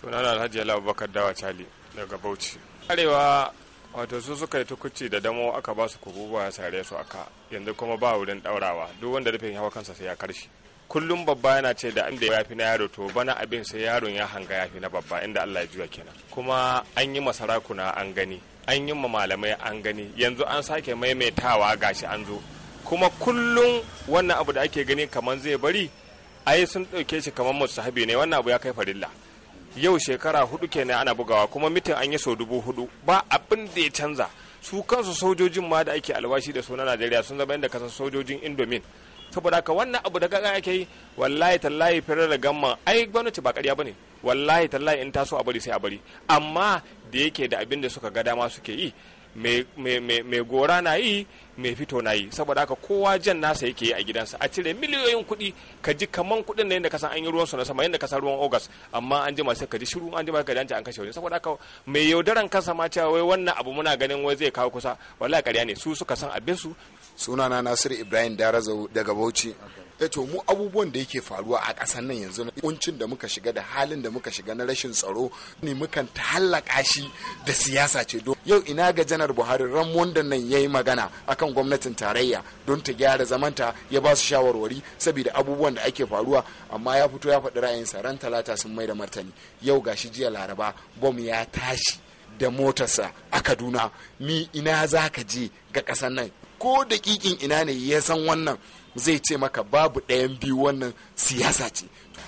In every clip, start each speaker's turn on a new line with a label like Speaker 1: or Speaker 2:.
Speaker 1: sunana alhaji yala abubakar dawa cali daga bauchi arewa wato su suka yi tukuci da damo aka ba su kububuwa ya sare su aka yanzu kuma ba wurin daurawa duk wanda rufin hawa kansa sai ya karshe kullum babba yana ce da inda ya fi na yaro to bana abin sai yaron ya hanga ya fi na babba inda Allah ya juya kenan kuma an yi masarakuna an gani an yi ma malamai an gani yanzu an sake maimaitawa gashi an zo kuma kullum wannan abu da ake gani kamar zai bari ai sun ɗauke shi kamar musu ne wannan abu ya kai farilla yau shekara hudu kenan ana bugawa kuma mitin an yi sau dubu hudu ba abin da ya canza su kansu sojojin ma da ake alwashi da su na najeriya sun zama inda kasan sojojin indomin saboda ka wannan abu da kaga ake yi wallahi tallahi fira da gamma ai gwamnati ba karya bane wallahi tallahi in taso a bari sai a bari amma da yake da abin da suka ga dama suke yi mai gora na yi mai fito na yi saboda haka kowa jan nasa yake yi a gidansa a cire miliyoyin kuɗi ka ji kaman kuɗin na yadda kasan an yi ruwansu na sama yadda kasan ruwan ogas amma an ji sai kaji shiru an kaji an ji an kashe wani saboda haka mai yaudaran kansa ma cewa wai wannan abu muna ganin wai zai kawo kusa
Speaker 2: wallahi ƙarya ne su suka san abin su sunana nasiru ibrahim darazau daga bauchi ce eh, mu abubuwan da yake faruwa a ƙasar nan yanzu na kuncin da muka shiga da halin da muka shiga na rashin tsaro ne mukan hallaka shi da siyasa ce don yau ina ga janar buhari ran wanda nan ya yi magana akan gwamnatin tarayya don ta gyara zamanta ya ba su shawarwari saboda abubuwan da ake faruwa amma ya fito ya faɗi ra'ayinsa ran talata sun mai da martani yau gashi jiya laraba bom ya tashi da motarsa a kaduna ni ina za ka je ga ƙasar nan ko daƙiƙin ina ne ya san wannan zai ce maka babu ɗayan biyu wannan siyasa ce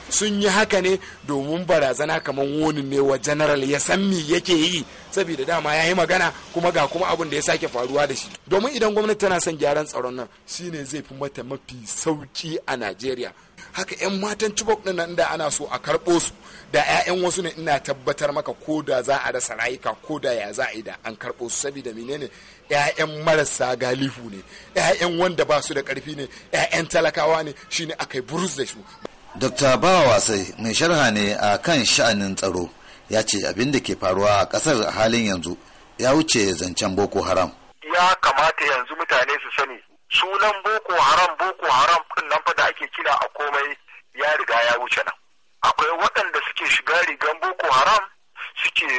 Speaker 2: sun yi haka ne domin barazana kamar wonin ne wa general ya san me yake yi saboda dama ya yi magana kuma ga kuma abin da ya sake faruwa da shi domin idan gwamnati tana son gyaran tsaron nan shine zai fi mata mafi sauki a najeriya haka 'yan matan cibok ɗin nan da ana so a karɓo su da 'ya'yan wasu ne ina tabbatar maka ko da za a rasa rayuka ko da ya za a yi da an karɓo su saboda menene 'ya'yan marasa galihu ne 'ya'yan wanda ba su da ƙarfi ne 'ya'yan talakawa ne shine aka yi burus da su.
Speaker 3: Dr. Bawa Wasai mai sharha ne a kan sha'anin tsaro ya ce abin da ke faruwa a ƙasar halin yanzu ya wuce zancen Boko Haram.
Speaker 4: Ya kamata yanzu mutane su sani sunan boko haram boko haram din nan fa da ake kira a komai ya riga ya wuce nan akwai waɗanda suke shiga rigan boko haram suke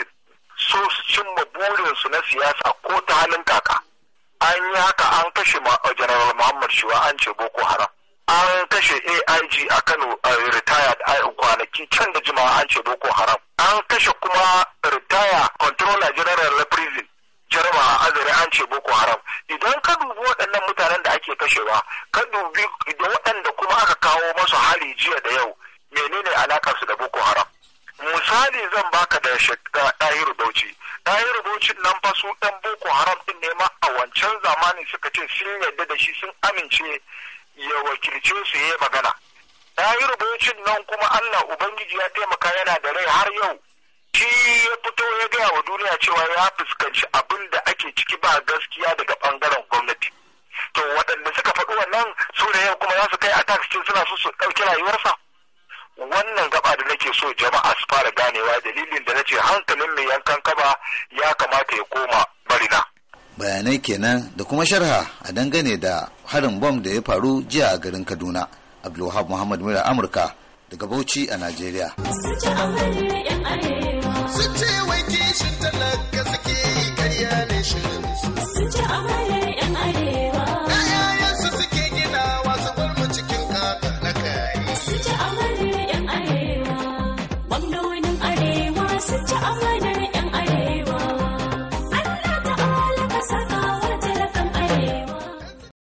Speaker 4: so su cimma burinsu na siyasa ko ta halin kaka an yi haka an kashe uh, general muhammad shiwa an ce boko haram an kashe aig a kano uh, retired uh, kwanaki can da jimawa an ce boko haram an kashe kuma retire controller general na prison jarma azare an ce boko haram idan ka dubi waɗannan mutane ake kashewa ka dubi da waɗanda kuma aka kawo masu hali jiya da yau menene alakar su da boko haram misali zan baka da ɗahiru bauchi ɗahiru bauchi nan fa su ɗan boko haram ɗin ne ma a wancan zamanin suka ce sun yarda da shi sun amince ya wakilce su ya magana ɗahiru bauchi nan kuma allah ubangiji ya taimaka yana da rai har yau shi ya fito ya gaya wa duniya cewa ya fuskanci abin da ake ciki ba gaskiya daga ɓangaren gwamnati za su kai attack cikin suna su ɗauki rayuwarsa wannan gaba da nake so jama'a su fara ganewa dalilin
Speaker 3: da nace hankalin mai yankan kaba ya kamata ya koma barina bayanai kenan da kuma sharha a dangane da harin bom da ya faru jiya a garin kaduna abdulwahab muhammad mura amurka daga bauchi a najeriya